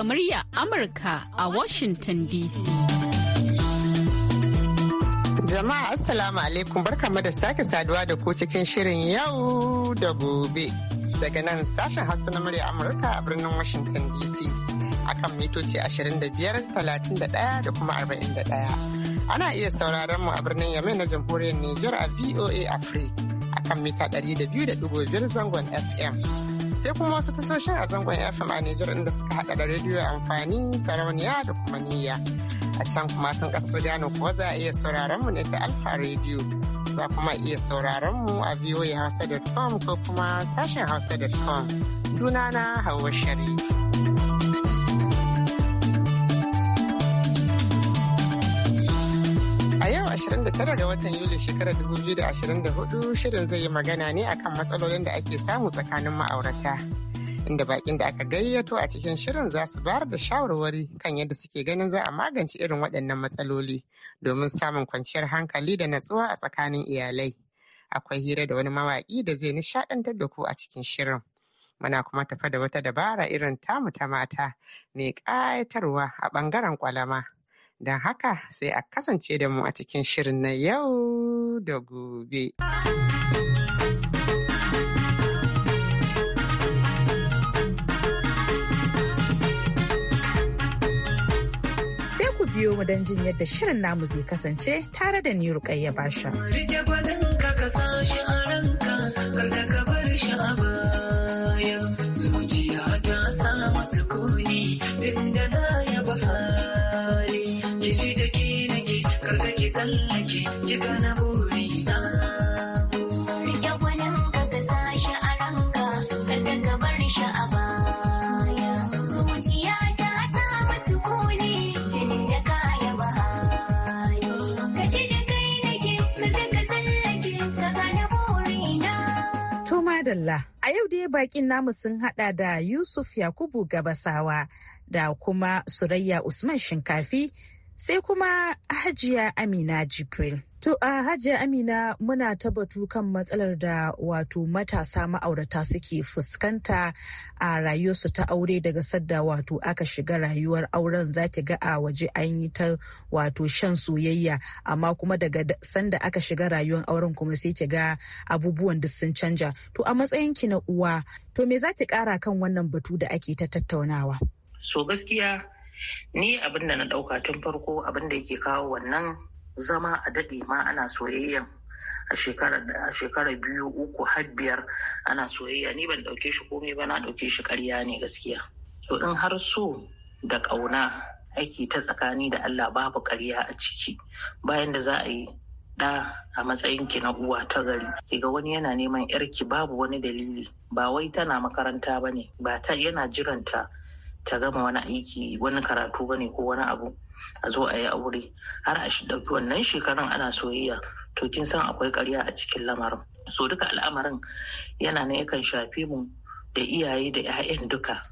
daga murya Amurka a Washington DC. Jama'a Assalamu alaikum barkamu da sake saduwa da ku cikin shirin yau da gobe. Daga nan sashen Hausa na murya Amurka a birnin Washington DC. Akan mitoci 25, 31 da kuma 41. ana iya sauraron mu a birnin Yamai na jamhuriyar Nijar a VOA Africa akan mita 200.5 zangon FM. sai kuma wasu tasoshin a zangon FM a Nijar inda suka haɗa da rediyo amfani sarauniya da kuma niyya. A can kuma sun kasar Ghana kuwa za a iya sauraron mu ne ta Alfa Radio. Za kuma iya sauraron mu a Hausa.com ko kuma sashen hausa.com. Sunana Hauwa Sharif. tara ga watan Yuli shekarar 2024 shirin zai yi magana ne akan matsalolin da ake samu tsakanin ma'aurata. Inda bakin da aka gayyato a cikin shirin za su bayar da shawarwari kan yadda suke ganin za a magance irin waɗannan matsaloli domin samun kwanciyar hankali da natsuwa a tsakanin iyalai. Akwai hira da wani mawaƙi da zai nishaɗantar da ku a cikin shirin. Muna kuma tafa da wata dabara irin tamu ta mata mai ƙayatarwa a ɓangaren ƙwalama. Don haka sai a kasance da mu a cikin shirin na yau da gobe. Sai ku biyo mu don jin yadda shirin namu zai kasance tare da ni Rukayya Basha. a zuciya ta sa masu koyi. dai bakin namu sun hada da Yusuf Yakubu Gabasawa da kuma Surayya Usman Shinkafi sai kuma Hajiya Amina Jibril. To a Hajiya Amina muna tabbatu kan matsalar da wato matasa ma'aurata suke fuskanta a rayuwarsu ta aure daga sadda wato aka shiga rayuwar auren zaki ga a waje an yi ta wato shan soyayya amma kuma daga sanda aka shiga rayuwar auren kuma sai ki ga abubuwan da sun canja. To a matsayin ki na uwa to me zaki kara kan wannan batu da ake ta tattaunawa? So gaskiya ni abin da na dauka tun farko abin da yake kawo wannan zama a daɗe ma ana soyayya a shekara biyu uku har biyar ana soyayya ni ban ɗauke shi komai ba na ɗauke shi ƙarya ne gaskiya to in har so da ƙauna aiki ta tsakani da Allah babu ƙarya a ciki bayan da za a yi ɗa a matsayin ki na uwa ta gari Ki ga wani yana neman yarki babu wani dalili ba wai tana makaranta bane ba ta yana jiranta ta gama wani aiki wani karatu bane ko wani abu a zo a yi aure har a shi ɗauki wannan shekarun ana soyayya to kin san akwai ƙarya a cikin lamarin so duka al'amarin yana nan yakan shafi mu da iyaye da 'ya'yan duka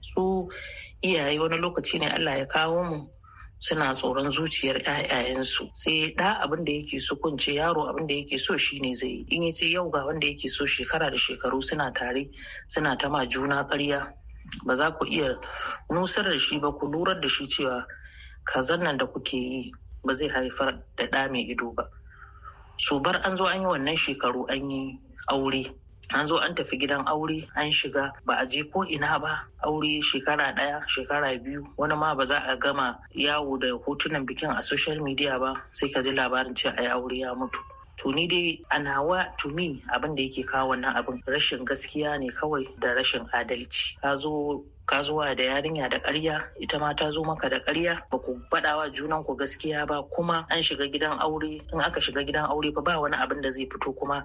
su iyaye wani lokaci ne Allah ya kawo mu suna tsoron zuciyar 'ya'yayensu sai da abin da yake so kunce yaro abin da yake so shine zai yi in yace yau ga wanda yake so shekara da shekaru suna tare suna ta ma juna karya? ba za ku iya nusar da shi ba ku lurar da shi cewa kazan nan da kuke yi ba zai haifar da ɗa mai ido ba So bar an zo an yi wannan shekaru an yi aure an zo an tafi gidan aure an shiga ba a je ko ina ba aure shekara ɗaya shekara biyu wani ma ba za a gama yawo da hotunan bikin a social media ba sai ka ji labarin cewa ai aure ya mutu to ni dai a nawa to me abin da yake kawo wannan abin rashin gaskiya ne kawai da rashin adalci ka zo ka zuwa da yarinya da ƙarya ita ma ta zo maka da ƙarya ba ku faɗawa junan ku gaskiya ba kuma an shiga gidan aure in aka shiga gidan aure ba ba wani abin da zai fito kuma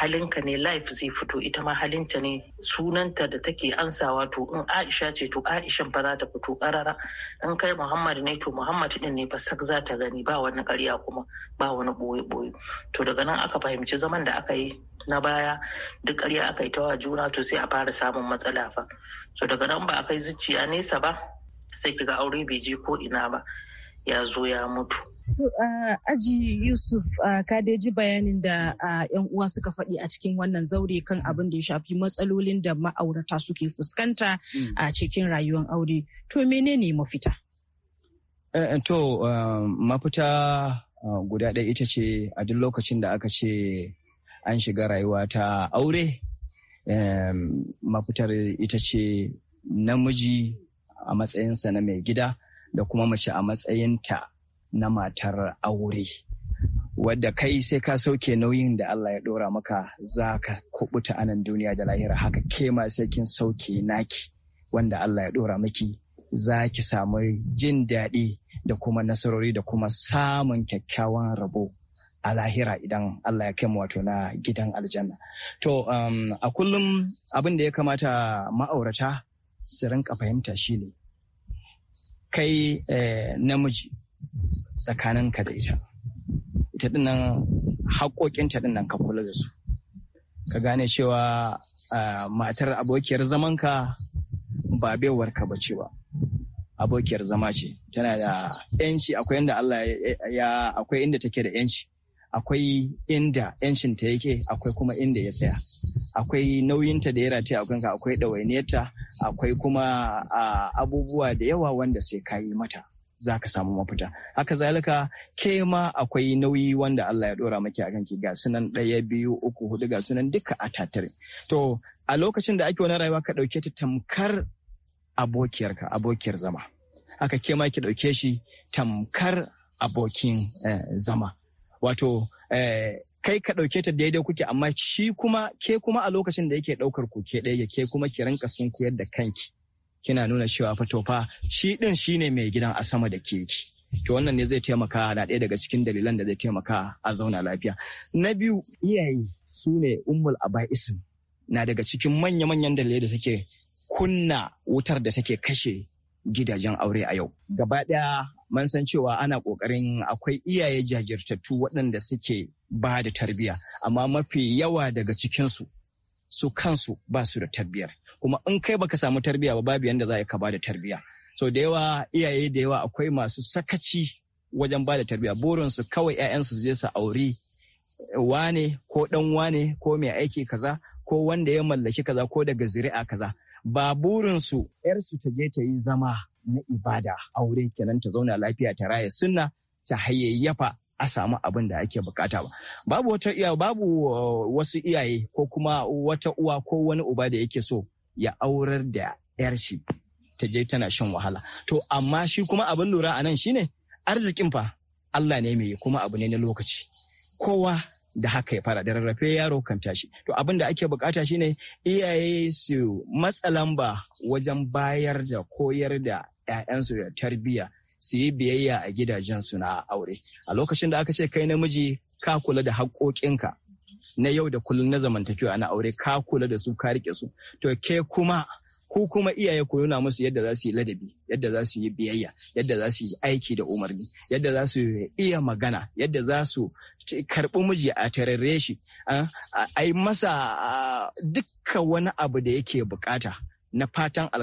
halinka ne life zai fito ita ma halinta ne sunanta da take ansawa to in Aisha ce to Aisha fa za ta fito karara in kai Muhammad ne to Muhammad din ne fa sak za ta gani ba wani ƙarya kuma ba wani boye boye to daga nan aka fahimci zaman da aka yi na baya duk ƙarya aka yi tawa juna to sai a fara samun matsala fa so daga nan ba a kai zuciya nesa ba sai kiga aure bai je ko ina ba ya zo ya mutu Aji Yusuf ka dai ji bayanin da 'yan uwa suka faɗi a cikin wannan zaure kan abin da ya shafi matsalolin da ma'aurata suke fuskanta mm. a cikin rayuwar aure. To menene mafita? Eh, eh, to eh, mafita guda ɗaya ita ce a duk lokacin da aka ce an shiga rayuwa ta aure mafitar ita ce namiji a matsayinsa na mai gida da kuma mace a matsayinta na matar aure wadda kai sai ka sauke nauyin da Allah ya ɗora maka za ka kubuta anan duniya da lahira haka ke ma sai kin sauke naki wanda Allah ya ɗora maki, za ki samu jin daɗi da kuma nasarori da kuma samun kyakkyawan rabo a lahira idan Allah ya kai mu wato na gidan aljanna. To um, a kullum abin da ya kamata ma'aurata su rinka fahimta shi ne. kai eh, namiji tsakanin ka da ita. Ita dinnan ta dinnan ka kula da su. Ka gane cewa matar abokiyar zamanka ba baiwarka ba cewa. abokiyar zama ce tana da yanci akwai inda Allah ya akwai inda take da yanci akwai inda yancin ta yake akwai kuma inda ya tsaya akwai nauyinta da ya rataya a kanka akwai ɗawainiyarta akwai kuma abubuwa da yawa wanda sai ka yi mata za ka samu mafita haka zalika ke ma akwai nauyi wanda Allah ya ɗora maki a kanki ga sunan ɗaya biyu uku hudu ga sunan duka a tattare to a lokacin da ake wani rayuwa ka ɗauke ta tamkar abokiyarka abokiyar zama haka ke ma ki ɗauke shi tamkar abokin eh, zama wato eh, kai ka ɗauke ta daidai kuke amma shi kuma ke kuma a lokacin da yake ɗaukar ku ke ɗaya ke kuma ki ranka sun koyar da kanki kina nuna cewa fa to fa shi ɗin shi ne mai gidan a sama da ke ki to wannan ne zai taimaka na ɗaya daga cikin dalilan da zai taimaka a zauna lafiya na biyu iyaye su ne ummul aba'isin na daga cikin manya-manyan dalilai da suke kunna wutar da take kashe gidajen aure a yau. Gaba ɗaya mun san cewa ana kokarin akwai iyaye jajirtattu waɗanda suke ba da tarbiyya amma mafi yawa daga cikinsu su kansu ba su da tarbiyyar kuma in kai baka samu tarbiyya ba babu yanda za ka ba da tarbiyya so da yawa iyaye da yawa akwai masu sakaci wajen ba da tarbiyya burinsu kawai 'ya'yansu su je su auri wane ko dan wane ko mai aiki kaza ko wanda ya mallaki kaza ko daga zuri'a kaza ba burinsu ‘yarsu ta je ta yi zama na ibada aure kenan ta zauna lafiya ta raya sunna ta hayayyafa a samu abin da ake bukata ba. Babu wata iya babu uh, wasu iyaye ko kuma wata uwa ko wani uba da yake so ya aurar da ‘yar shi ta je tana shan wahala. To amma shi kuma abin lura a nan shine arzikin fa Allah ne mai kuma abu ne na lokaci. Kowa da haka ya fara da rarrafe yaro kan tashi to abin da ake bukata shine iyaye su matsa lamba wajen bayar da koyar da 'ya'yansu da tarbiyya su yi biyayya a gidajensu na aure a lokacin da aka ce kai namiji ka kula da haƙoƙinka na yau da kullum na zamantakewa na aure ka kula da su ka riƙe su to ke kuma ko kuma iyaye ko nuna musu yadda za su yi ladabi yadda za su yi biyayya yadda za su yi aiki da umarni yadda za su iya magana yadda za su karɓi miji a tarare shi a yi masa duka wani abu da yake bukata na fatan a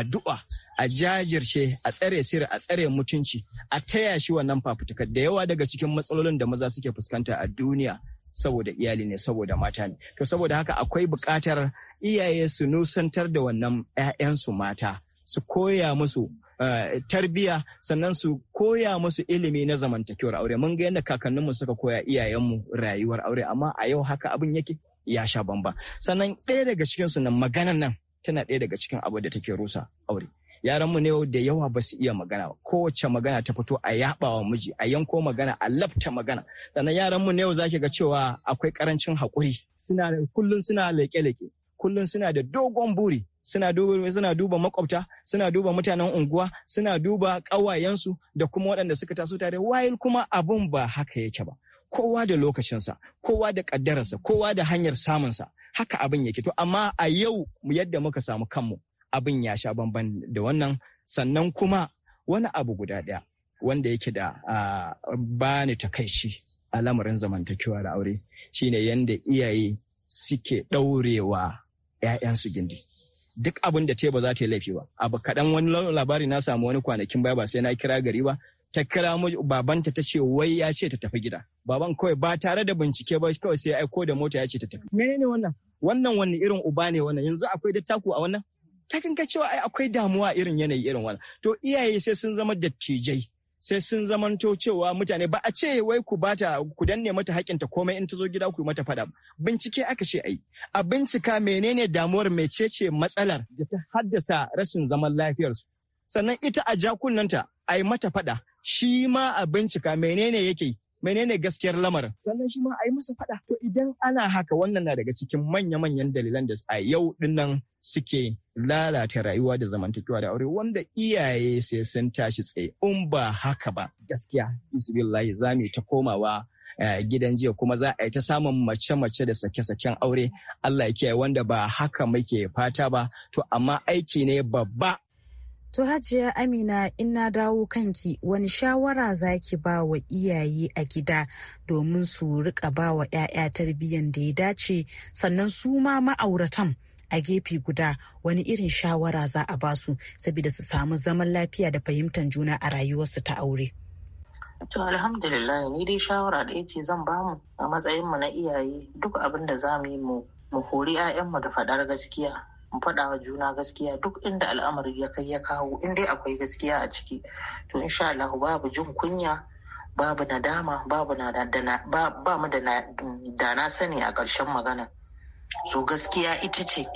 addu'a a jajirce a tsare sirri a tsare mutunci a taya shi wannan fafutukar da yawa daga cikin matsalolin da maza suke fuskanta a duniya saboda iyali ne saboda mata ne to saboda haka akwai buƙatar iyaye su nusantar da wannan 'ya'yansu mata su koya musu Uh, eh, tarbiya sannan su koya musu ilimi na zamantakewar aure mun ga yadda kakanninmu suka koya iyayenmu rayuwar aure amma a yau haka abin yake ya sha bamba sannan ɗaya daga cikinsu nan maganan nan tana ɗaya daga cikin abu da take rusa aure yaranmu ne da yawa ba su iya magana ba kowace magana ta fito a yabawa miji a yanko magana a lafta magana sannan yaranmu ne yau zaki ga cewa akwai karancin haƙuri suna kullum suna leke-leke kullum suna da dogon buri suna duba suna duba makwabta suna duba mutanen unguwa suna duba ƙawayensu da kuma waɗanda suka taso tare wayil kuma abun ba haka yake ba kowa da lokacinsa kowa da ƙaddararsa kowa da hanyar samunsa haka abin yake to amma a yau yadda muka samu kanmu abin ya sha bamban da wannan sannan kuma wani abu guda ɗaya wanda yake da ba ni shi a lamarin zamantakewa da aure shine yadda iyaye suke ɗaurewa 'ya'yansu gindi. duk abin da ta ba za ta yi laifi ba abu kaɗan wani labari na samu wani kwanakin baya ba sai na kira gari ba ta kira babanta ta ce wai ya ce ta tafi gida baban kawai ba tare da bincike ba kawai sai aiko da mota ya ce ta tafi menene wannan wannan wani irin uba ne wannan yanzu akwai dattaku a wannan Ta kan ka cewa ai akwai damuwa irin yanayi irin wannan to iyaye sai sun zama dattijai sai sun zamanto cewa mutane ba a ce wai ku bata ku danne mata ta komai in ta zo gida ku yi mata fada bincike aka ce ai a bincika menene damuwar mecece matsalar da ta haddasa rashin zaman lafiyarsu sannan ita a jakunanta a yi mata faɗa shi ma a bincika menene yake menene gaskiyar lamarin sannan shi ma a masa faɗa to idan ana haka wannan na daga cikin manya-manyan dalilan da a yau dinnan suke lalata rayuwa da zamantakewa da aure wanda iyaye sai sun tashi tsaye in ba haka ba gaskiya bisbillahi za mu ta komawa eh, gidan jiya kuma za a yi ta samun mace-mace da sake-saken aure Allah ya kiyaye wanda ba haka muke fata ba to amma aiki ne babba To Hajiya Amina in na dawo kanki wani shawara za ki ba wa iyaye a gida domin su riƙa ba wa 'ya'ya tarbiyyan da ya dace sannan su ma ma'auratan a gefe guda wani irin shawara za a basu saboda su samu zaman lafiya da fahimtar juna a rayuwarsu ta aure. To alhamdulillah ni dai shawara da ce zan ba mu a matsayin mu na iyaye duk abin da za mu yi mu mu hori mu da faɗar gaskiya mu faɗawa wa juna gaskiya duk inda al'amari ya kai ya kawo in dai akwai gaskiya a ciki to insha Allah babu jin kunya babu nadama babu na da ba mu da na sani a ƙarshen magana. so gaskiya ita ce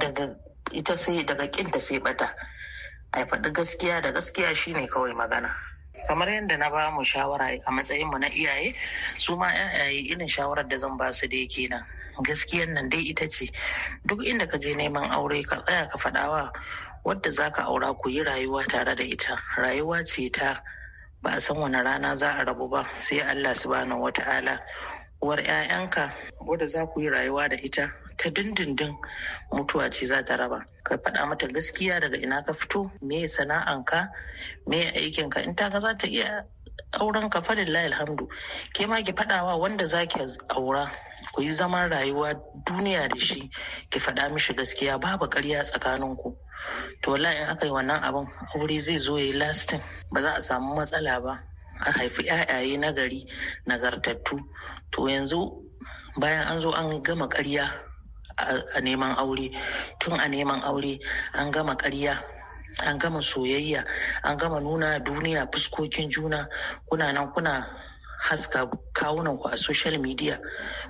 daga ita sai daga kinta sai bata a faɗi gaskiya da gaskiya shine kawai magana kamar yadda na ba mu shawara a matsayin mu na iyaye su ma yaye irin shawarar da zan ba su dai kenan gaskiyan nan dai ita ce duk inda ka je neman aure ka tsaya ka faɗawa wadda za ka aura ku yi rayuwa tare da ita rayuwa ce ta ba a san wani rana za a rabu ba sai Allah subhanahu wata'ala uwar 'ya'yanka wadda za ku yi rayuwa da ita ta dindindin mutuwa ce za ta raba ka faɗa mata gaskiya daga ina ka fito me sana'anka me aikinka in ta ga za ta iya auren ka faɗin alhamdu ke ma ki faɗawa wanda za ki aura ku yi zaman rayuwa duniya da shi ki faɗa mishi gaskiya babu ƙarya tsakaninku to wallahi in aka yi wannan abin aure zai zo ya yi lastin ba za a samu matsala ba a haifi 'ya'yaye nagari nagartattu to yanzu bayan an zo an gama karya a neman aure tun a neman aure an gama karya an gama soyayya an gama nuna duniya fuskokin juna kuna nan kuna haska kawunanku a social media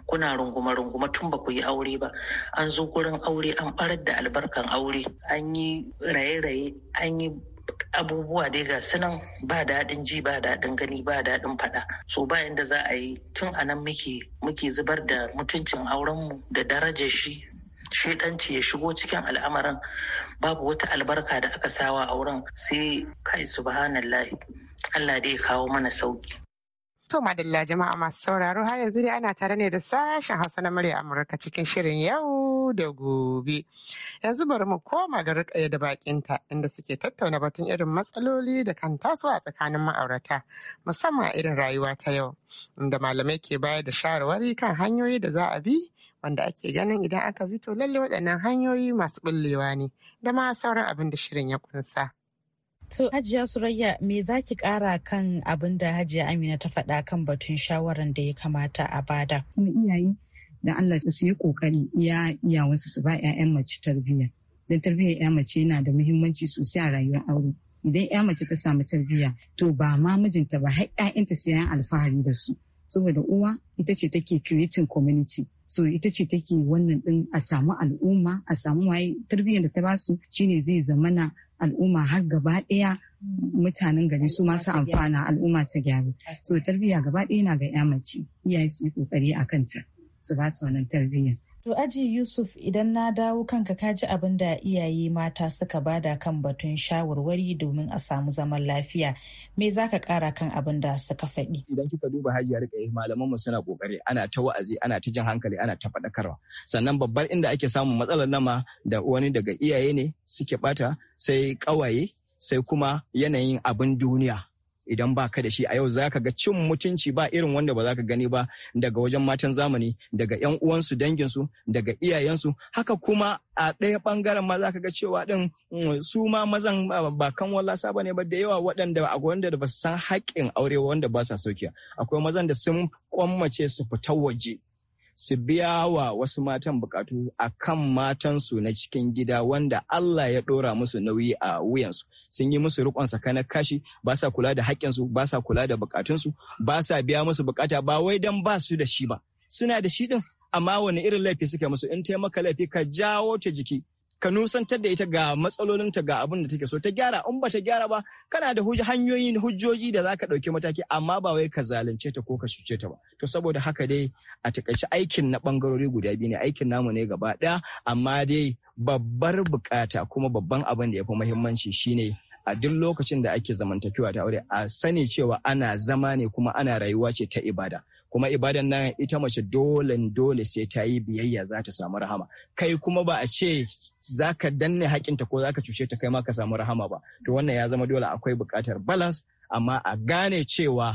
kuna runguma-runguma tun ba ku yi aure ba an zo gurin aure an barar da albarkan aure an yi raye-raye an yi abubuwa dai ga sunan ba daɗin ji ba daɗin gani ba daɗin faɗa so ba da za a yi tun a nan muke zubar da mutuncin aurenmu da darajar shi shaidanci ya shigo cikin al'amarin babu wata albarka da aka sawa auren sai kai subhanallah Allah dai kawo mana sauki To madalla jama'a masu sauraro har yanzu dai ana tare ne da sashen Hausa na murya Amurka cikin shirin yau da gobe. Yanzu bari mu koma ga rikaya da bakinta inda suke tattauna batun irin matsaloli da kan taso a tsakanin ma'aurata musamman a irin rayuwa ta yau inda malamai ke bayar da shawarwari kan hanyoyi da za a bi wanda ake ganin idan aka bi to lalle waɗannan hanyoyi masu bullewa ne da ma sauran abin da shirin ya kunsa. To Hajiya Surayya me za ki kara kan abin da Hajiya Amina ta faɗa kan batun shawaran da ya kamata a bada? Kuma iyaye da Allah su yi kokari ya wasu su ba 'ya'yan mace tarbiyya. Don tarbiyya 'ya mace yana da muhimmanci sosai a rayuwar aure. Idan 'ya mace ta samu tarbiyya to ba ma mijinta ba har 'ya'yanta sai yan alfahari da su. Saboda uwa ita ce take creating community. so ita ce take wannan din a samu al'umma a samu waye tarbiyyar da ta basu shine zai zamana al'umma har gaba ɗaya hmm. mutanen gari su masu amfana al'umma ta gyaru so tarbiyya gaba ɗaya na ga ya mace iyaye su yi kokari a kanta su ba ta wannan tarbiyyar To aji Yusuf idan na dawo kanka kaji abin da iyaye mata suka bada kan batun shawarwari domin a samu zaman lafiya. Me za ka kara kan abin da suka faɗi? Idan kika duba hajiyar kai malaman mu suna kokari ana ta wa'azi ana ta jin hankali ana ta faɗakarwa. Sannan babbar inda ake samun matsalar nama da wani daga iyaye ne suke bata sai ƙawaye sai kuma yanayin abin duniya. idan ba ka da shi a yau za ka ga cin mutunci ba irin wanda ba za ka gani ba daga wajen matan zamani daga yan uwansu danginsu daga iyayensu haka kuma a ɗaya ɓangaren ma za ka ga cewa ɗin mm, su ma mazan ba kan wallasa ba ne ba da yawa waɗanda a wanda da ba su san haƙƙin aure wanda ba sa sokiya akwai mazan da sun kwammace su fita waje su biya wa wasu matan bukatu a kan matansu na cikin gida wanda Allah ya ɗora musu nauyi a wuyansu. Sun yi musu rikon na kashi, ba sa kula da haƙƙinsu, ba sa kula da bukatunsu, ba sa biya musu bukata ba wai don ba su da shi ba. Suna da shi ɗin, amma wani irin laifi suke musu in taimaka laifi ka jawo ta jiki ka nusantar da ita ga matsalolin ta ga abin da take so ta gyara in ba ta gyara ba kana da hanyoyi hujjoji da zaka ɗauki mataki amma ba wai ka zalunce ta ko ka shuce ta ba to saboda haka dai a takaice aikin na bangarori guda biyu ne aikin namu ne gaba ɗaya amma dai babbar bukata kuma babban abin da ya fi muhimmanci shine a duk lokacin da ake zamantakewa ta aure a sani cewa ana zama ne kuma ana rayuwa ce ta ibada kuma ibadan nan ita mace dole dole sai ta yi biyayya za ta samu rahama kai kuma ba a ce za ka danne hakinta ko za ka cuce ta kai ma ka samu rahama ba to wannan ya zama dole akwai buƙatar balance amma a gane cewa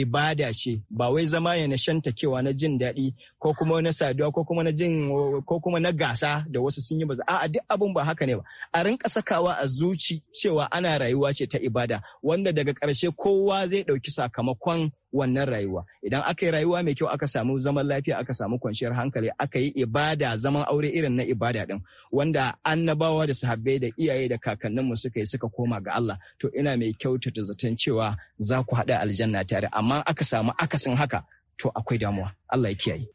ibada ce ba wai zama ya na shanta kewa na jin daɗi ko kuma na saduwa ko kuma na jin ko kuma na gasa da wasu sun yi baza a'a duk abun ba haka ne ba a rinka sakawa a zuci cewa ana rayuwa ce ta ibada wanda daga ƙarshe kowa zai ɗauki sakamakon wannan rayuwa idan aka yi rayuwa mai kyau aka samu zaman lafiya aka samu kwanciyar hankali aka yi ibada zaman aure irin na ibada din wanda annabawa da sahabbai da iyaye da kakannin mu suka yi suka koma ga Allah to ina mai kyautata zaton cewa za ku haɗa aljanna tare amma aka samu akasin haka to akwai damuwa Allah ya kiyaye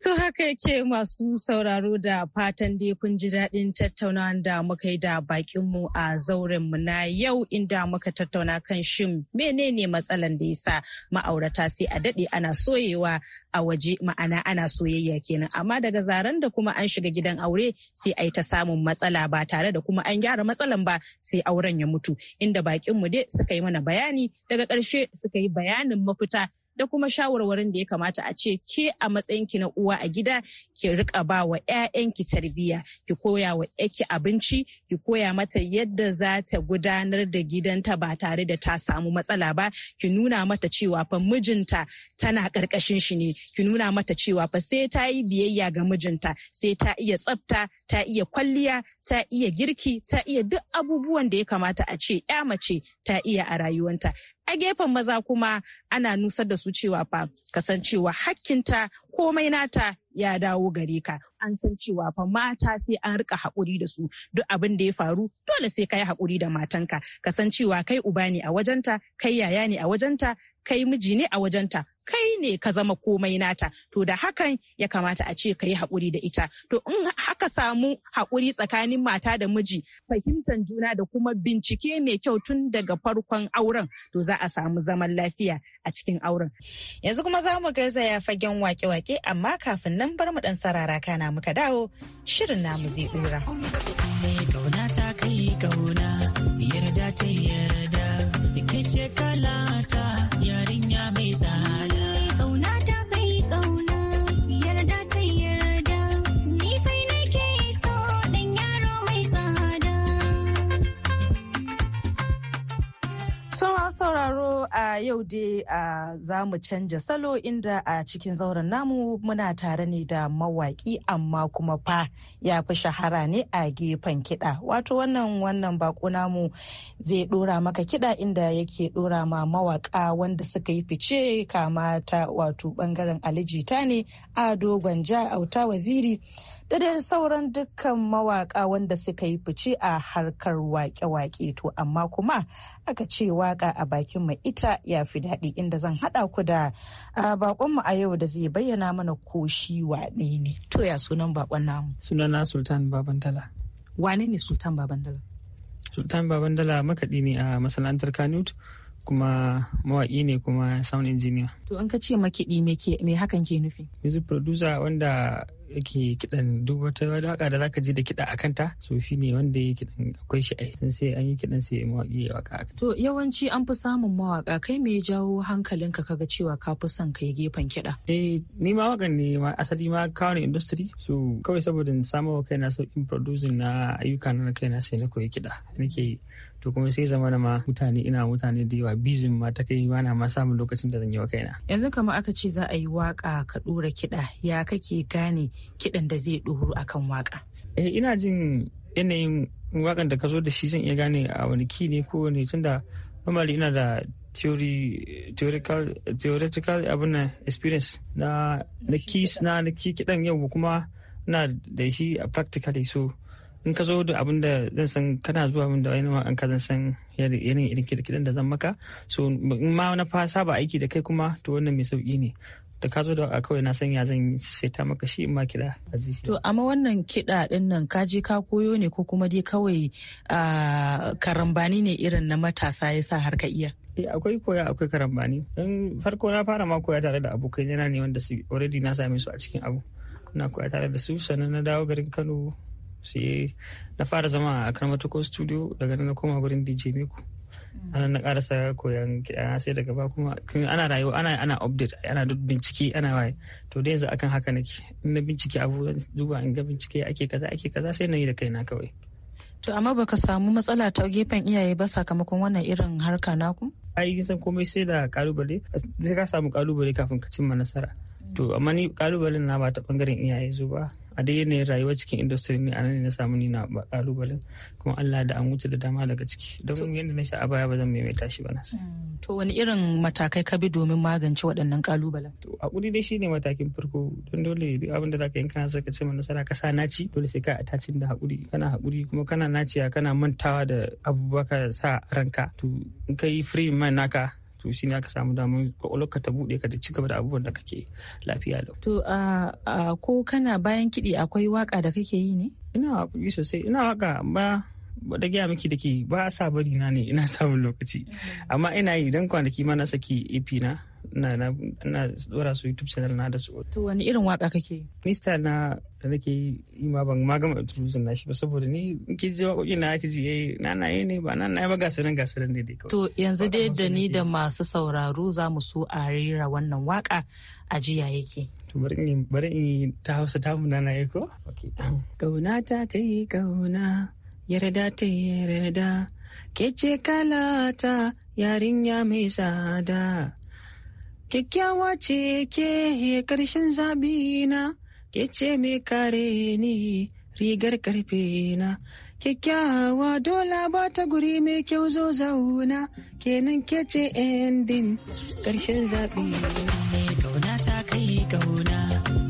To haka yake masu sauraro da fatan dai kun ji daɗin tattaunawa da muka yi da bakinmu a zaurenmu na yau inda muka tattauna kan shin menene matsalan da yasa ma'aurata sai a daɗe ana soyewa a waje ma'ana ana soyayya kenan amma daga zaren da kuma an shiga gidan aure sai a yi ta samun matsala ba tare da kuma an gyara matsalan ba sai auren ya mutu inda bakinmu dai suka yi mana bayani daga ƙarshe suka yi bayanin mafita da kuma shawarwarin da ya kamata a ce ke a matsayin ki na uwa a gida ki rika ba wa 'ya'yanki tarbiyya ki koya wa yaki abinci ki koya mata yadda za ta gudanar da gidanta ba tare da ta samu matsala ba ki nuna mata cewa fa mijinta tana karkashin shi ne ki nuna mata cewa fa sai ta yi biyayya ga mijinta sai ta iya tsafta ta iya kwalliya ta iya girki ta iya duk abubuwan da ya kamata a ce ya mace ta iya a rayuwanta a gefen maza kuma ana nusar da su cewa fa kasancewa hakkinta komai nata ya dawo gare ka an san cewa fa mata sai an rika haƙuri da su duk abin da ya faru dole sai kai haƙuri da matanka kasancewa kai uba ne a wajenta kai yaya ne a wajenta kai miji ne a wajenta kai ne ka zama komai nata to da hakan ya kamata a ce ka yi haƙuri da ita to in haka samu haƙuri tsakanin mata da miji fahimtar juna da kuma bincike mai kyau tun daga farkon auren to za a samu zaman lafiya a cikin auren yanzu kuma za mu garzaya fagen wake-wake amma kafin nan bar mu dan sarara kana muka dawo shirin namu zai dora kauna ta yarda ta yarda ke ce kalata yarinya mai masu sauraro a yau dai a za mu canja salo inda a cikin zauren namu muna tare ne da mawaki amma kuma fa ya fi shahara ne a gefen kiɗa wato wannan wannan bako namu zai ɗora maka kiɗa inda yake ɗorama ma mawaka wanda suka yi fice kama ta wato ɓangaren alijita ne a dogon ja auta waziri da dai sauran dukkan mawaka wanda suka yi fice a harkar wake-wake to amma kuma aka ce waka a bakin mai ita ya fi daɗi inda zan haɗa ku da bakonmu a yau da zai bayyana mana ko shi wane ne to ya sunan bakon namu sunana sultan babandala wane ne sultan babandala sultan babandala makaɗi ne a masana'antar kanut kuma mawaƙi ne kuma sound engineer to an ka ce makiɗi me hakan ke nufi music producer wanda yake kidan duk wata waka da zaka ji da kiɗa a kanta so ne wanda ya kidan akwai shi ai sai an yi kidan sai mawaki ya waka to yawanci an fi samun mawaka kai me ya jawo hankalinka kaga cewa ka fi son kai gefen kiɗa eh ni ma wakan ne ma asali ma kawo industry so kawai saboda samun wa kaina sauƙin producing na ayyuka na kaina sai na koyi kiɗa nake to kuma sai zama ma mutane ina mutane da yawa bizin ma ta kai ma na ma samun lokacin da zan yi wa kaina yanzu kamar aka ce za a yi waka ka dora kiɗa ya kake gane kiɗan da zai ɗoro akan waka eh ina jin yanayin wakan da ka zo da shi zan iya gane a wani ki ne ko wani tunda normally ina da theoretical theoretical abin na experience na na na yau kuma na da shi a practically so in ka zo da abin da zan san kana zuwa min da wani an ka zan san yanayin irin kidan da zan maka so in ma na fa saba aiki da kai kuma to wannan mai sauki ne da ka zo da a kawai na san ya zan saita maka shi in ma kiɗa a To amma wannan kiɗa ɗin nan ka je ka koyo ne ko kuma dai kawai karambani ne irin na matasa ya sa har ka iya. Eh, akwai koya akwai karambani don farko na fara ma koya tare da abokai yana ne wanda su already na same su a cikin abu na koya tare da su sannan na dawo garin Kano sai na fara zama a karmatako studio daga nan na koma gurin dj meku mm. ana na karasa koyan kiɗa sai daga ba kuma ana rayuwa ana ana update ana duk bincike ana waye to da yanzu akan haka nake in na bincike abu duba in ga bincike ake kaza ake kaza sai na yi da kaina kawai to amma baka samu matsala ta gefen iyaye ba sakamakon wannan irin harka naku ai san komai sai da kalubale sai ka samu kalubale kafin ka cimma nasara mm. to amma ni kalubalen na ba ta bangaren iyaye zuwa a da yanayin rayuwa cikin industry ne anan na samu ni na kalubalen kuma Allah da an wuce da dama daga ciki don yadda na sha a baya ba zan maimaita shi ba na mm, to wani irin matakai ka bi domin magance waɗannan kalubalen to hakuri dai shine matakin farko don dole duk abin da zaka yi kana so ka ce nasara ka sa naci dole sai ka attachin da hakuri kana hakuri kuma kana naciya kana mantawa da abubuwa ka sa ranka to in kai free man naka to ne aka samu damar kwakwalwarka ta bude ka da ci gaba da abubuwan da kake lafiya da to a ko kana bayan kiɗi akwai waka da kake yi ne ina waƙoƙi sosai ina waka amma da gaya miki da ke ba sa bari na ne ina samun lokaci amma ina yi don kwanaki ma na saki ep na na na dora su youtube channel na da su to wani irin waka kake ni style na da nake yi ma ban ma gama introduction na shi ba saboda ni in ki ji wakoki na ki ji yayi eh, na na ne ba na na ba gasarin gasarin ne dai kawai to yanzu dai da ni da masu sauraro za mu so a rera wannan waka a jiya yake bari in in ta hausa ta na ya ko? Kauna ta kai kauna yarda ta yarda kece kalata yarinya mai tsada kyakkyawa ce ke karshen zabina kece mai kare ni rigar karfe na kyakkyawa dola ba ta guri mai kyau zo zauna kenan kece endin karshen zabi kauna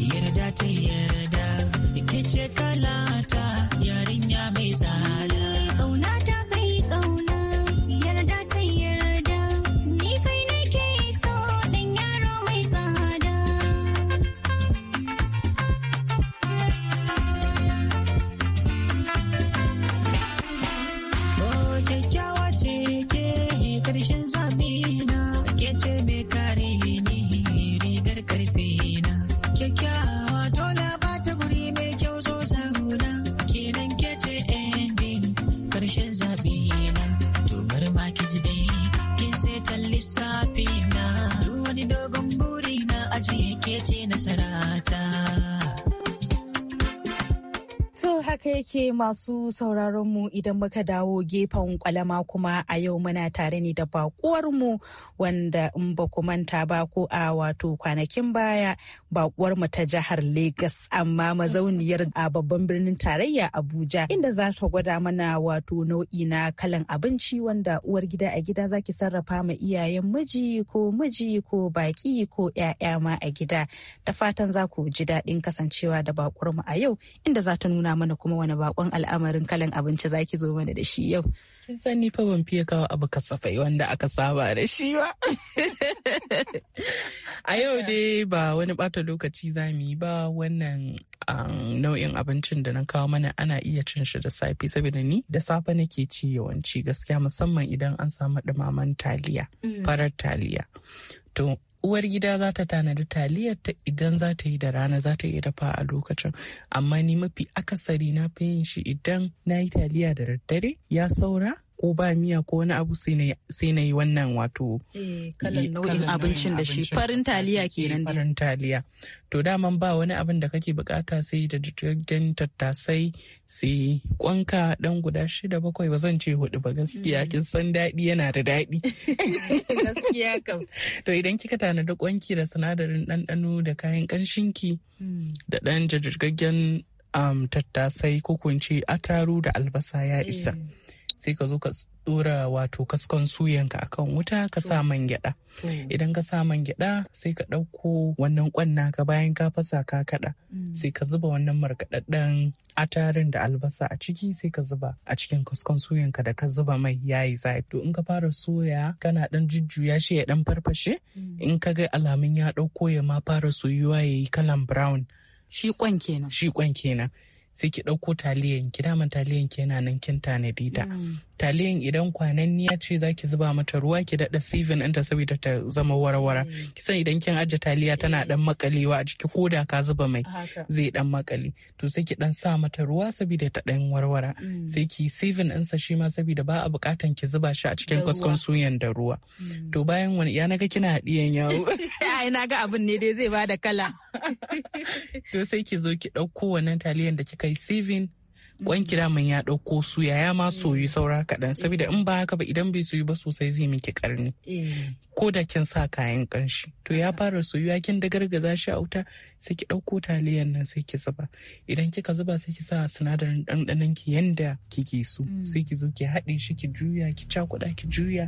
yarda ta yarda kece kalata yarinya mai tsada haka yake masu sauraronmu idan muka dawo gefen kwalama kuma a yau muna tare ne da bakuwarmu wanda in ba ku manta ba ko a wato kwanakin baya bakuwarmu ta jihar Legas amma mazauniyar a babban birnin tarayya Abuja inda za ta gwada mana wato nau'i na kalan abinci wanda uwar gida a gida zaki sarrafa ma iyayen miji ko miji ko baki ko 'ya'ya ma a gida da fatan za ku ji daɗin kasancewa da bakuwarmu a yau inda za ta nuna mana kuma wani bakon al'amarin kalan abinci zaki zo mana da shi yau. Kin san ni fa ban fiye kawo abu kasafai wanda aka saba da shi ba. A yau dai ba wani bata lokaci za mu yi ba wannan um, nau'in abincin da na kawo mana ana iya cin shi da safe saboda ni da safe nake ci yawanci gaskiya musamman idan an samu ɗumaman taliya mm. farar taliya. To uwar gida za ta tanadi taliyar ta idan za ta yi da rana za ta iya dafa a lokacin amma ni mafi akasari na fi yin shi idan na yi taliya da daddare ya saura ko ba miya ko wani abu sai na yi wannan wato eh, kalan nau'in abincin da shi farin taliya kenan farin taliya to daman ba wani abin da kake bukata sai da jirgin tattasai sai kwanka dan guda shida bakwai ba zan ce hudu ba gaskiya mm. kin san daɗi yana da daɗi gaskiya kam to idan kika tanadi kwanki da sinadarin ɗanɗano da kayan ƙanshinki mm. da ɗan jajjagaggen tattasai ko kunce ataru da albasa ya eh. isa. Mm. sai ka zo ka dora wato kaskon suyanka akan wuta ka sa man gyada mm. idan ka sa man gyada sai ka dauko wannan kwanna ka bayan ka fasa ka kada mm. sai ka zuba wannan markaɗaɗɗen atarin da albasa a ciki sai ka zuba a cikin kaskon suyanka da ka zuba mai yayi zafi to in ka fara soya kana dan jujjuya shi ya dan farfashe mm. in ka ga alamun ya dauko ya ma fara soyuwa yayi kalan brown shi kwan kenan shi kwan kenan sai ki ɗauko taliyan ki dama taliyan ki yana nan kin tanadi ta mm. taliyan idan ya ce za ki zuba mata ruwa ki dada sivin ɗinta saboda ta zama warwara mm. kisan idan kin aje taliya tana dan makalewa a jiki ko da ka zuba mai zai dan makale to sai ki dan sa mata ruwa saboda ta dan warwara mm. sai ki sivin ɗinsa shi ma saboda ba a bukatan ki zuba shi a cikin kwaskon suyan da ruwa to bayan wani ya naga kina haɗiyan yawo ai naga abin ne dai zai bada kala to sai ki zo ki ɗauko wannan taliyan da kika kai saving kwan kira ya ɗauko su yaya ma soyu saura kaɗan saboda in ba haka ba idan bai soyu ba sosai zai miki karni eh. ko da kin sa kayan ƙanshi to ya fara soyuwa kin da gargaza shi a wuta sai ki ɗauko taliyan nan sai ki zuba idan kika zuba sai ki sa sinadarin ɗanɗanon ki yanda kike so mm. sai ki zo ki haɗe shi ki juya ki cakuɗa ki juya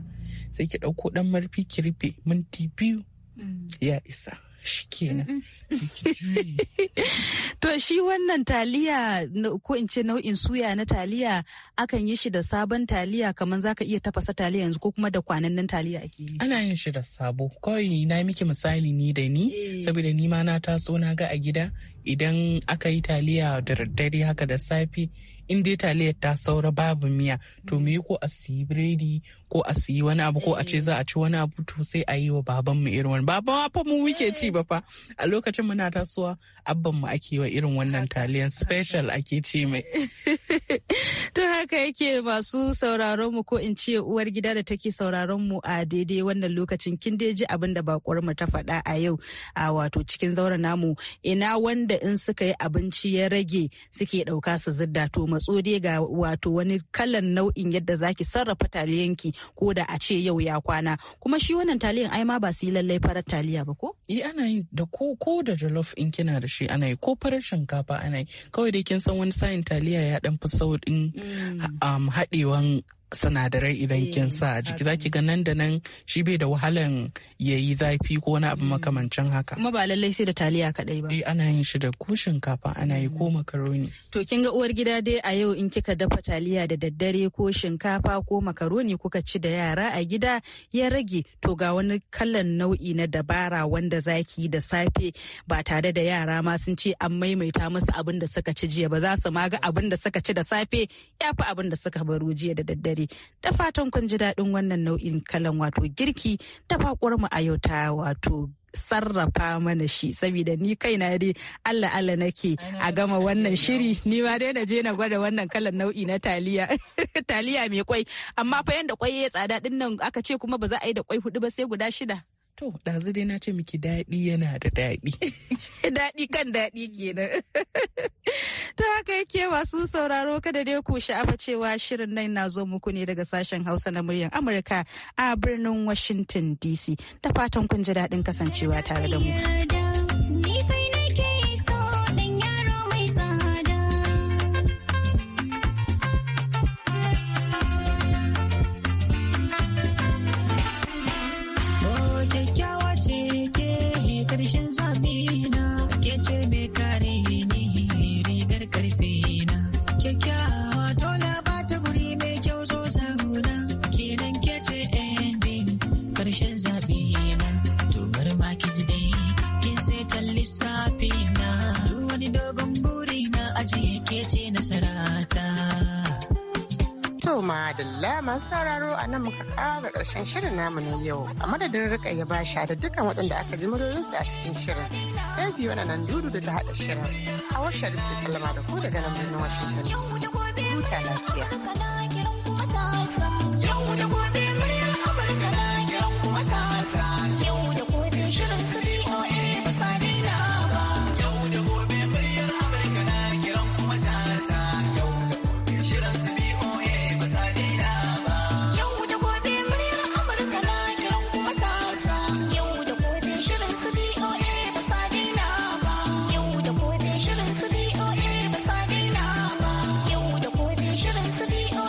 sai ki ɗauko ɗan marfi ki rufe minti biyu mm. ya isa shikenan to shi wannan taliya ko in ce nau'in suya na taliya akan yi shi da sabon taliya kamar zaka iya tafasa taliya yanzu ko kuma da kwanannin taliya ake yi ana yin shi da sabo kawai na miki misali ni da ni eh. saboda ni ma na taso na ga a gida idan aka yi taliya da daddare haka da safe in dai taliyar ta saura babu miya to me ko a siyi biredi ko a siyi wani abu ko a ce eh. za a ci wani abu to sai a yi wa baban mu irin wani baban fa mu muke ci ba fa a lokacin muna tasowa abban mu ake wa irin wannan taliyan special ake ci mai to haka yake masu sauraron mu ko in ce uwar gida da take sauraron mu a daidai wannan lokacin kin dai ji abin da bakwar mu ta faɗa a yau a wato cikin zauren namu ina wanda wanda in suka yi abinci ya rage suke ɗauka su zidda to matso dai ga wato wani kalan nau'in yadda zaki sarrafa taliyanki ko da a ce yau ya kwana kuma shi wannan taliyan ai ma ba su yi lallai farar taliya ba ko? Yi eh, ana yi da ko ko da jollof in kina da shi ana yi ko farar shinkafa ana yi kawai dai kin san wani sayin taliya ya dan fi din mm. um, haɗewan sinadarai idan kin eh, sa a jiki zaki ga nan da nan shi bai da wahalan ya yi zafi ko wani abu mm. makamancin haka kuma ba lallai sai da taliya kadai ba eh, ana yin shi da ko shinkafa ana yi ko mm. makaroni to kin ga uwar gida dai a yau in kika dafa taliya da daddare ko shinkafa ko makaroni kuka ci da yara a gida ya rage to ga wani kallon nau'i na dabara wanda zaki da safe ba tare da yara ma sun ce an maimaita musu abin da suka ci jiya ba za su ma ga abin da suka ci da safe ya fi abin da suka baro jiya da daddare alheri da fatan kun ji daɗin wannan nau'in kalan wato girki da mu a yau ta wato sarrafa mana shi saboda ni kaina dai Allah Allah nake a gama wannan shiri ni ma dai na je na gwada wannan kalan nau'i na taliya taliya mai kwai amma fa yanda kwai ya tsada din nan aka ce kuma ba za a yi da kwai hudu ba sai guda shida To, ɗazu dai na ce miki daɗi yana da daɗi. daɗi kan daɗi kenan. To haka yake masu sauraro kada dai ku sha'afa cewa shirin nan na zo muku ne daga sashen Hausa na muryar Amurka a birnin Washington DC. Da fatan kun ji daɗin kasancewa tare da mu. karshen zaɓe na to bar ma ki ji dai kin saita lissafi na wani dogon buri na ajiye ke ce nasarata. To ma da laman sauraro a nan muka kawo ga ƙarshen shirin namu na yau a madadin rika ya basha da dukkan waɗanda aka ji muryoyinsu a cikin shirin sai biyu wani nan dudu da ta haɗa shirin a washe da salama da ku daga nan birnin Washington. Huta lafiya.